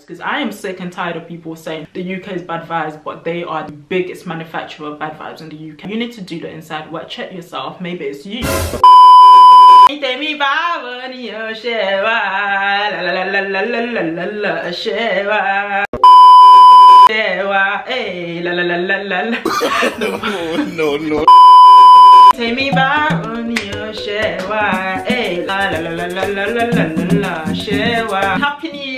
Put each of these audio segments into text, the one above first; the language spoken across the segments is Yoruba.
because I am sick and tired of people saying the UK is bad vibes but they are the biggest manufacturer of bad vibes in the UK. You need to do the inside work, check yourself, maybe it's you. no, no, no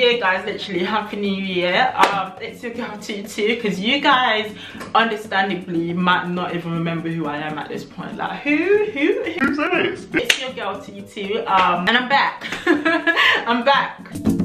year guys literally happy new year um it's your girl tutu because you guys understandably might not even remember who i am at this point like who who who's this it's your girl tutu um and i'm back i'm back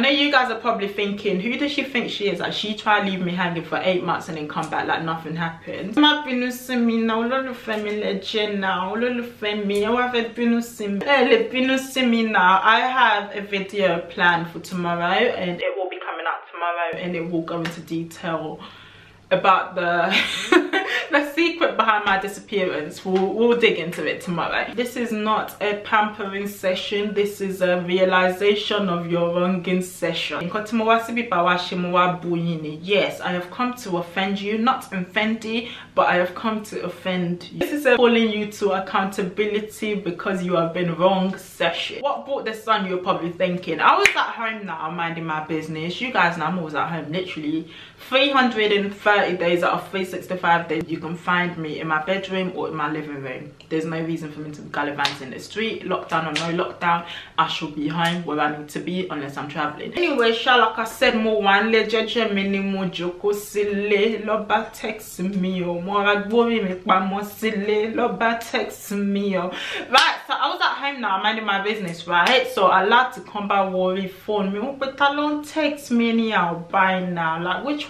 I know you guys are probably thinking, who does she think she is? Like she tried to leave me hanging for eight months and then come back like nothing happened. Ma binu simi na ulolu femi leje na ulolu femi awave Me, simi. Ele binu simi na. I have a video planned for tomorrow and it will be coming out tomorrow and it will go into detail about the the secret behind my disappearance we'll, we'll dig into it tomorrow this is not a pampering session this is a realization of your wronging session yes i have come to offend you not you, but i have come to offend you this is a calling you to accountability because you have been wrong session what brought this on you're probably thinking i was at home now minding my business you guys know i'm always at home literally 330 days out of 365 days you can find me in my bedroom or in my living room there's no reason for me to be in the street lockdown or no lockdown i shall be home where i need to be unless i'm traveling anyway sha like i said mo one nílé jẹ́jẹ́ mi mo jókòó sílé ló bá text me o mo ra me mi mo sílé ló bá text me o right so i was at home now minding my business right so i like to come back worry phone me but pé ta ló ń text me anyhow by now like which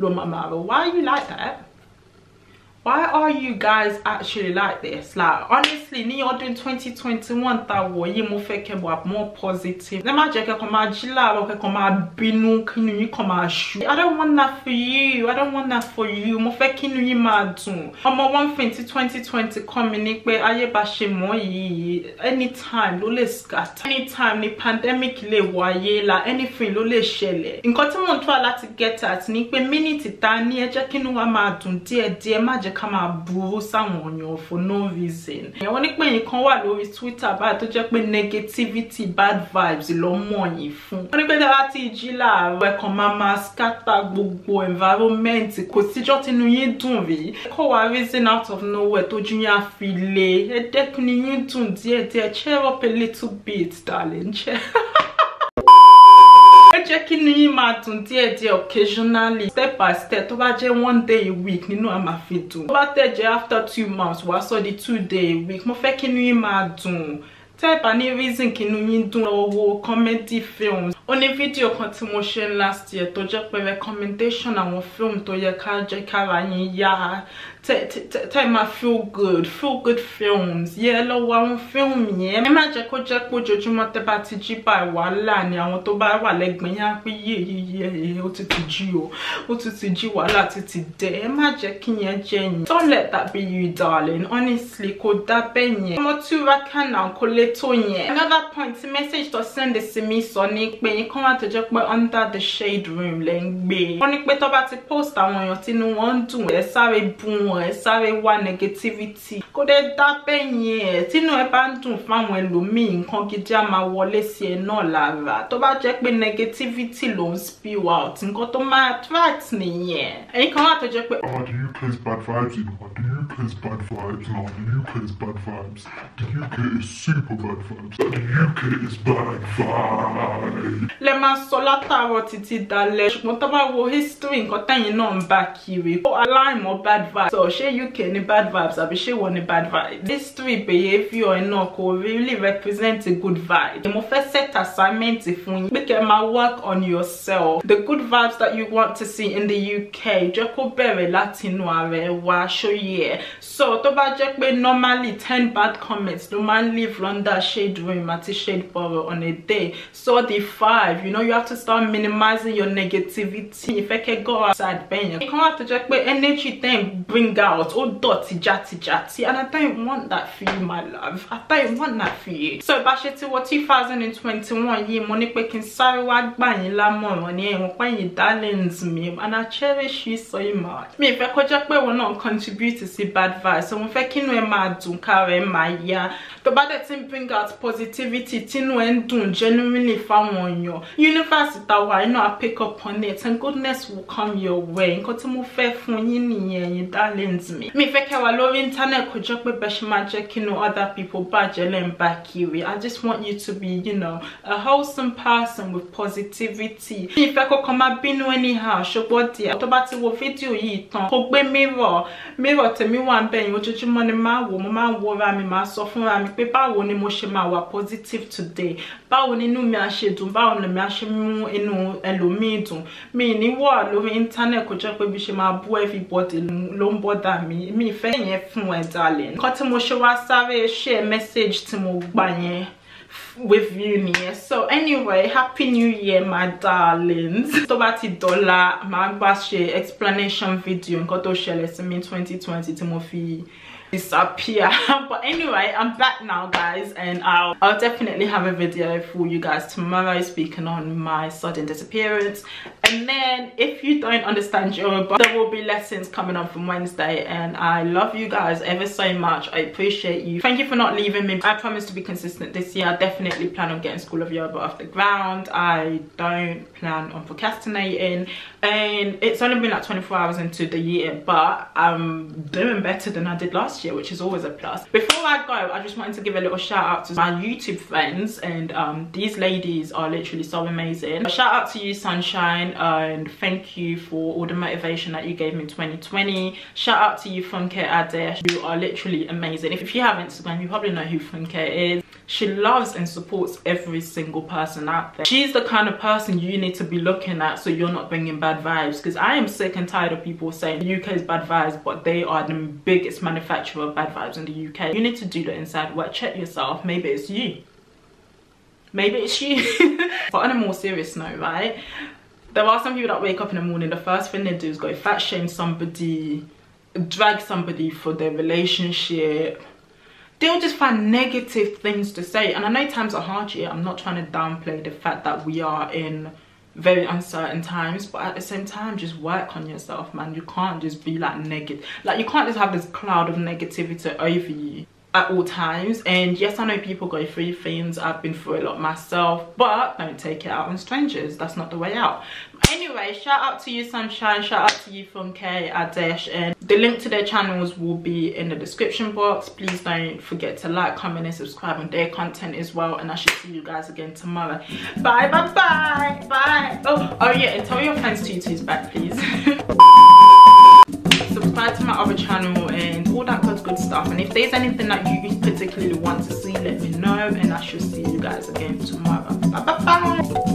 Lord, my mother, why are you like that? why are you guys actually like this like honestly ní ọdún 2021 ta wọ̀ yìí mo fẹ́ kẹ́ wà more positive lẹ́ má jẹ́ kẹ́kọ̀ọ́ máa jí láàárọ̀ kẹ́kọ̀ọ́ máa bínú kínú yín kàn máa ṣú i don't want that for you i don't want that for you mo fẹ́ kínú yín máa dùn ọmọ one thing tí 2020 kọ́ mi ni pé ayé bá ṣe mọ́ yìí anytime ló lè scatter anytime ni pandemic lè wáyé la anything ló lè ṣẹlẹ̀ nǹkan tí mò ń tọ́ láti get at ni pé mínítì ta ni ẹ jẹ́ kínú wa máa dùn díẹ̀díẹ̀ má jẹ́ jẹ́ ká máa buwó sáwọn èèyàn for no reason. ìyẹn wọ́n ní pé nǹkan wà lórí Twitter báyìí tó jẹ́ pé negativity bad vibes ló mọ̀ yín fún. wọ́n ní pé dára tí jí láàárọ̀ ẹ̀kan máa máa scatter gbogbo environment kò síjọ́ tinú yín dùn rí. ẹ̀kọ́ wa reason out of nowhere tójú yín á fi le ẹ̀ẹ́dẹ́kun ni yín dùn díẹ̀díẹ̀ cheer up a little bit darling jẹ́ kí ni yín máa dùn díẹ̀ díẹ̀ occasionally step by step tó bá jẹ́ one day a week nínú a máa fi dùn tó bá tẹ̀ jẹ́ after two months wàá sọ di two day a week mo fẹ́ kí ni yín máa dùn tẹ́ ẹ̀ bá ní reason kí ni yín dùn lọ́wọ́ comedy films ó ní fídíò kan tí mo ṣe last year tó jẹ́ pé recommendation àwọn film tó yẹ ká jẹ́ kára yín yá tẹ́ máa feel good feel good films yẹ yeah, lọ́wọ́ àwọn film yẹn ẹ má jẹ́ kó jẹ́ pé ojoojúmọ́ tẹ́ bá ti jí báyìí wàhálà ni àwọn tó bá wà lẹ́gbẹ̀ẹ́ yẹn á pé yé yé yé yé ó ti ti jí o ó ti ti jí wàhálà ti ti dẹ̀ ẹ má jẹ́ kí yẹn jẹ́ yín don't let that be you darling honestly kò dá bẹ́ẹ̀ yẹn ọmọ tí ó rákà náà kò lè tó yẹn another point message to send sí mi sọ ni pé yín kán wà tó jẹ́ pé under the shade room lẹ́ ń gbé wọ́n ní pé tó bá ti post àwọn èèyàn tínú wọn ń dùn ẹ̀ sáré bu ẹ̀ sáré wá negativity kó dé dá bẹ́yìn ẹ̀ tínú ẹ bá ń dùn fáwọn ẹlòmíì nǹkan gidi á máa wọlé sí ẹ náà lára tó bá jẹ́ pé negativity ló ń spew out nǹkan tó máa attract nìyẹn ẹ̀yin kan wà tó jẹ́ pé. ah the UK is bad vibes in one the UK is bad vibes now the UK is bad vibes the UK is super bad vibes the UK is bad vibes lẹ máa sọ látàárọ̀ títí dalẹ́ ṣùgbọ́n tó bá wo history nǹkan tẹ̀yìn náà ń bá kiri ó aláìmọ̀ bad vibes sọ ṣé UK ní bad vibes àbí ṣé wọ́n ní bad vibes history behaviour náà kò really represent a good vibe mo fẹ́ set assignment fún yín pé kẹ́ máa work on yourself the good vibes that you want to see in the UK jẹ́ kó bẹ̀rẹ̀ láti inú ara ẹ wá ṣóyè ẹ̀ so tó bá jẹ́ pé normally ten bad comments ló máa ń leave London shade room àti shade borough on a day so the five survive you know you have to start minimizing your negativity If I can go outside you yẹn come out tó check pé energy then bring out all dirty dọ̀tí játijàti and I don't want that for you my love I don't want that for you so bashi ṣe ti thousand and twenty-one yìí money making pé kí n sáré money gbà yín lámọ̀ràn ní ẹ̀wọ̀n darlings and I cherish you so much I can kó jẹ́ we wọn not contribute see bad vibes so if I can wear mad dùn ká my yeah, yá tó bá dẹ̀ bring out positivity tínú when ń dùn genuinely one. on your universe you know, I pick up on it and goodness will come your way nǹkan tí mo fẹ́ fún yín nìyẹn ẹ̀yin darlings mi mi fẹ́ kẹ́ wà lórí internet kò jẹ́ pé bẹ́ẹ̀ ṣe máa jẹ́ kí inú other people bàjẹ́ lẹ́ bá kiri i just want you to be you know a wholesome person with positivity mi fẹ́ kọ́kọ́ máa bínú anyhow ṣùgbọ́n díẹ̀ tó bá ti wo fídíò yìí tán kò gbé mirror mirror tèmi wà ń bẹ̀yìn ojoojúmọ́ ni máa wò mo máa wọra mi máa sọ fúnra mi pé báwo ni mo ṣe máa wà positive today báwo nínú mi á ṣe dùn báwo báwọn lèmi á ṣe mú inú ẹlòmíì dùn mi ní wà lórí íńtánẹ̀tì kò jẹ́ pé bí ṣe máa bú everybody ló ń bọ́dà mi mi ìfẹ́ yẹn fún ẹ̀ dalẹ̀ nǹkan tí mo ṣe wá sáré share message tí mo gbà yẹn with you nìyẹn so anyway happy new year my darlings tó bá ti dọ́là màá gbà ṣe explanation video nǹkan tó ṣẹlẹ̀ sí mi twenty twenty tí mo fi disappear but anyway i'm back now guys and i'll i'll definitely have a video for you guys tomorrow speaking on my sudden disappearance and then if you don't understand yoruba there will be lessons coming up from wednesday and i love you guys ever so much i appreciate you thank you for not leaving me i promise to be consistent this year i definitely plan on getting school of yoruba off the ground i don't plan on procrastinating and it's only been like 24 hours into the year but i'm doing better than i did last last year which is always a plus before i go i just wanted to give a little shout out to my youtube friends and um, these ladies are literally so amazing shout out to you sunshine and thank you for all the motivation that you gave me in 2020 shout out to you funke adesh you are literally amazing if, if you have instagram you probably know who funke is she loves and supports every single person out there she's the kind of person you need to be looking at so you're not bringing bad vibes because i am sick and tired of people saying the uk is bad vibes but they are the biggest manufacturer of bad vibes in the UK. You need to do the inside work, check yourself, maybe it's you. Maybe it's you. but on a more serious note, right? There are some people that wake up in the morning, the first thing they do is go fat shame somebody, drag somebody for their relationship. They'll just find negative things to say. And I know times are hard here. I'm not trying to downplay the fact that we are in very uncertain times but at the same time just work on yourself man you can't just be like negative like you can't just have this cloud of negativity over you at all times and yes i know people go through things i've been through a lot myself but don't take it out on strangers that's not the way out anyway shout out to you sunshine shout out to you from k adesh and the link to their channels will be in the description box please don't forget to like comment and subscribe on their content as well and i should see you guys again tomorrow bye bye bye bye oh oh yeah and tell your friends to use back please subscribe to my other channel good stuff and if there's anything that you particularly want to see let me know and i shall see you guys again tomorrow bye bye, bye.